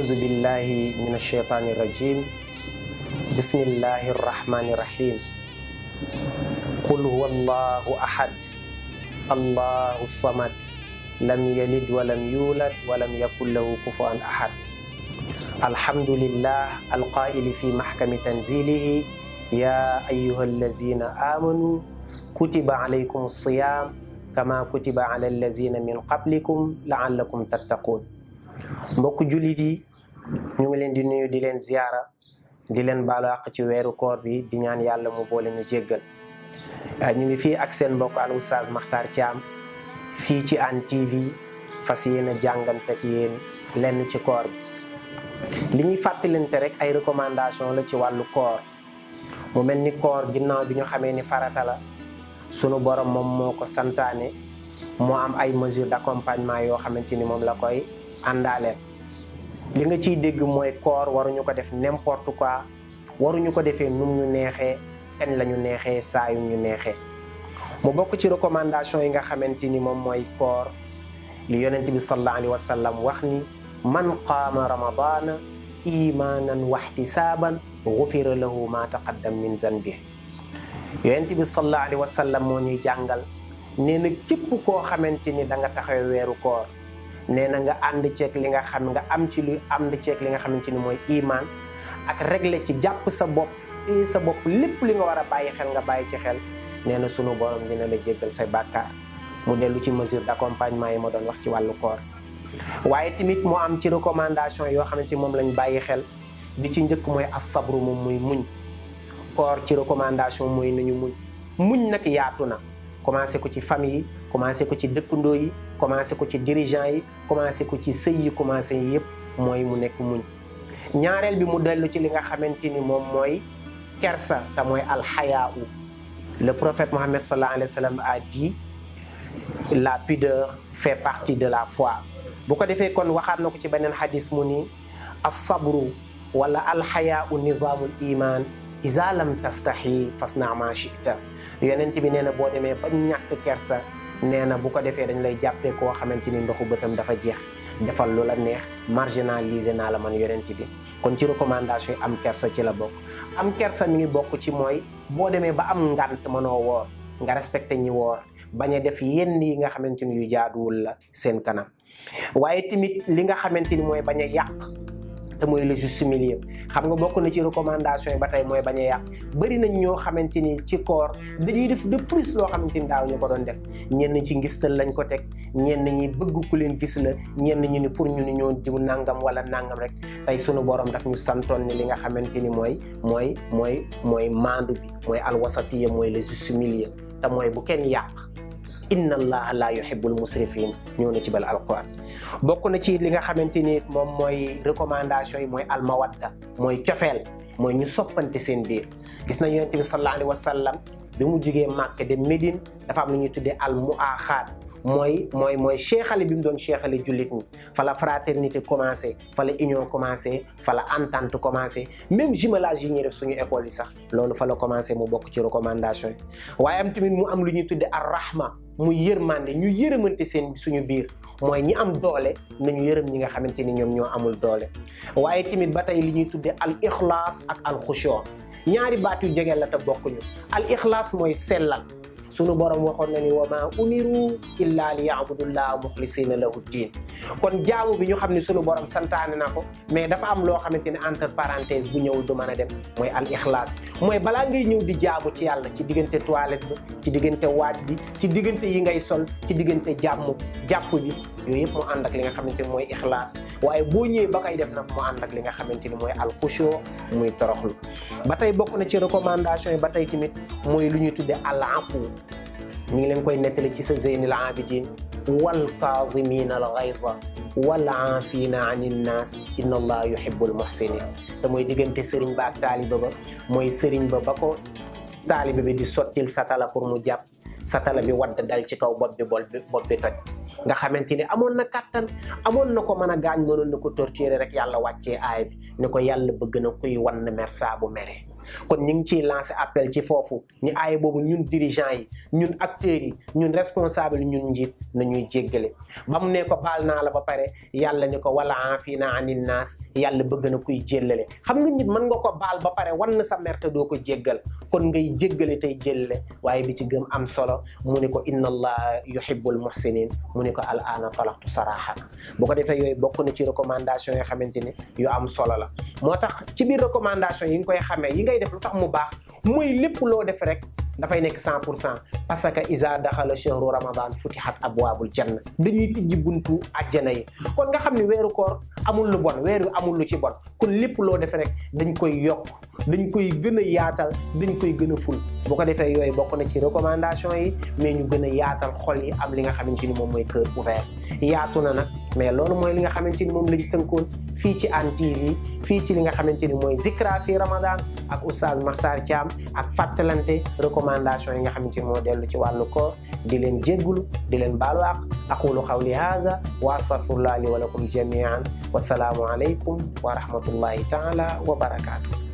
أعوذ بالله من الشيطان الرجيم بسم الله الرحمن الرحيم قل هو الله أحد الله الصمد لم يلد ولم يولد ولم يكن له كفوا أحد الحمد لله القائل في محكم تنزيله يا أيها الذين آمنوا كتب عليكم الصيام كما كتب على الذين من قبلكم لعلكم تتقون mbokk jullit yi ñu ngi leen di nuyu di leen ziyara di leen balu ak ci wéru koor bi di ñaan yalla mu boole ñu jéggal euh, ñu ngi fi ak seen mbokk al oustaz Makhtar tiam fi ci an TV fas yéene jàngante ak yéen lenn ci koor bi li ñuy fàttalante rek ay recommandation la ci wàllu koor mu mel ni koor ginnaaw bi ñu xamee ni farata la sunu borom moom moo ko santaane moo am ay mesures d'accompagnement yoo xamante ni la koy àndaaleel li nga ci dégg mooy koor waruñu ko def n'importe quoi waruñu ko defee num ñu neexee en la ñu neexee saa yu ñu neexee mu bokk ci recommandation yi nga xamante ni moom mooy koor li yonent bi sallallahu alayhi wa sallam wax ni man qaama ramadaana imaanan wahtisaaban gufira lahu ma taqaddam min zanbi yonent bi sallallahu alayhi wa sallam moo ñuy jàngal nee na képp koo xamante ni da nga weeru koor nee na nga ànd ceeg li nga xam nga am ci lu ànd ceeg li nga xamante ni mooy imaan ak régler ci jàpp sa bopp sa bopp lépp li nga war a bàyyi xel nga bàyyi ci xel nee na sunu borom dina la jéggal say bàkkaar mu dellu ci mesure d'accompagnement yi ma doon wax ci wàllu koor waaye tamit mu am ci recommandation yoo xamante ni moom lañ bàyyi xel di ci njëkk mooy asabru moom muy muñ koor ci recommandation mooy nañu muñ muñ nag yaatu na commencé ko ci famille yi commencé ko ci dekkundo yi commencé ko ci dirigeant yi commencé ko ci sey yi commencé yi moy mu nek muñ ñaarel bi mu delu ci li nga xamanteni ni moy kersa ta moy al u le prophète Mohammed sallallahu alayhi wasallam a dit la pudeur fait partie de la foi bu ko defé kon waxat nako ci benen hadith mu ni as sabru wala alxayaa nizam, nizaamul iman isa lam tastaxi fasna ma chita yonent bi nee na boo demee ba ñàkk kersa nee na bu ko defee dañ lay jàppee koo xamante ni ndoxu bëtam dafa jeex defal lu a neex marginalisé naa la man yonent bi kon ci recommandation yi am kersa ci la bokk am kersa mi ngi bokk ci mooy boo demee ba am ngànt manoo woor nga respecté ñi woor bañ a def yenn yi nga xamante ni yu jaaduwul la seen kanam waaye tamit li nga xamante ni mooy bañ yàq te mooy le juste xam nga bokk na ci recommandation yi ba tey mooy bañ a yàq bari nañ ñoo xamante ni ci koor dañuy def de plus loo xamante ni daaw ñu ko doon def ñenn ci ngistal lañ ko teg ñenn ñi bëgg ku leen gis la ñenn ñu ni pour ñu ni ñoo diw nangam wala nangam rek tey sunu borom daf ñu santoon ni li nga xamante ni mooy mooy mooy mooy maandu bi mooy alwasatiya mooy le juste milieu te mooy bu kenn yàq inna allaha laa yuhibbul musrifin ñoo na ci bal alquran bokk na ci li nga xamante ni moom mooy recommandation yi mooy almawadda mooy cofeel mooy ñu soppante seen biir gis na yonente bi sallallahu alayhi wa sallam bi mu jugee Màkka dem Médine dafa am lu ñuy tuddee al muaaxaat mooy mooy mooy seexale bi mu doon seexale jullit ñi fa la fraternité commencé fa la union commencé fa la entente commencé même jumelage yi ñuy def suñu école yi sax loolu fa la commencé mu bokk ci recommandation yi waaye am tamit mu am lu ñuy tuddee ar rahma muy yërmande ñu yërëmante seen suñu biir mooy ñi am doole nañu yërëm ñi nga xamante ni ñoom ñoo amul doole waaye tamit ba tey li ñuy tuddee al ixlaas ak al xushu ñaari baatu yu jege la ta bokkuñu al ixlaas mooy sellal sunu borom waxoon na ni wa maa umiru illa li yaabudullaa muxlisina lahu diin kon jaamu bi ñu xam ne sunu borom santaane na ko mais dafa am loo xamante ne entre parenthèse bu ñëwul du mën a dem mooy al ixlaas mooy balaa ngay ñëw di jaamu ci yàlla ci diggante toilette bi ci diggante waaj bi ci diggante yi ngay sol ci diggante jàmm jàpp bi yooyu yëpp mu ànd ak li nga xamante ni mooy ixlaas waaye boo ñëwee ba koy def nag mu ànd ak li nga xamante ni mooy alxushu muy toroxlu ba tey bokk na ci recommandation yi ba tey tamit mooy lu ñuy tudde alafu ñi ngi leen koy nettali ci sa zeynil abidin wal kaazimina al ghayza wal afina an nas inna allah yuhibbul muhsinin te moy diggante serigne ba ak taaliba ba moy serigne ba bako talib taaliba bi di sotil satala pour mu jàpp satala bi wad dal ci kaw bopp bi bopp bi toj nga xamanteni amon na katan amon nako meuna gañ a nako torturer rek yàlla wacce ay bi niko yàlla bëgg na kuy wan mersa bu mere kon ñu ngi ciy lancé appel ci foofu ni aaye boobu ñun dirigeants yi ñun acteurs yi ñun responsable ñun njiit nañuy jéggale ba mu ne ko baal naa la ba pare yàlla ne ko wala afina anin naas yàlla bëgg na kuy jéllale xam nga nit mën nga ko baal ba pare wan na sa merte doo ko jéggal kon ngay jéggale tey jéllale waaye bi ci gëm am solo mu ne ko inna allah yuhibbul muhsinin mu ne ko al ana talaqtu saraaxak boo ko defee yooyu bokk na ci recommandation yoo xamante ne yu am solo la moo tax ci biir recommandation yi nga koy xamee ngay lu tax mu baax mooy lépp loo def rek dafay nekk cent pour cent parce que a daxala chehru ramadan futihat abwaabul janna dañuy tijji buntu àjjana yi kon nga xam ne weeru koor amul lu bon weer wi amul lu ci bon kon lépp loo def rek dañ koy yokk dañ koy gën a yaatal dañ koy gën a ful bu ko defee yooyu bokk na ci recommandation yi mais ñu gën a yaatal xol yi am li nga xamante ni moom mooy cœur ouvert yaatu na nag mais loolu mooy li nga xamante ni moom lañ tënkoon fii ci Hann TV fii ci li nga xamante ni mooy Zikra fi Ramadan ak oustaz Makhtar Thiam ak fàttalante recommandation yi nga xamante ni moo dellu ci wàllu koor di leen jéggulu di leen baalu àq aqulu xawli haza wa astaghfirullah li wa lakum jamian wa wasalaamu alaykum wa rahmatullahi taala wa barakatuh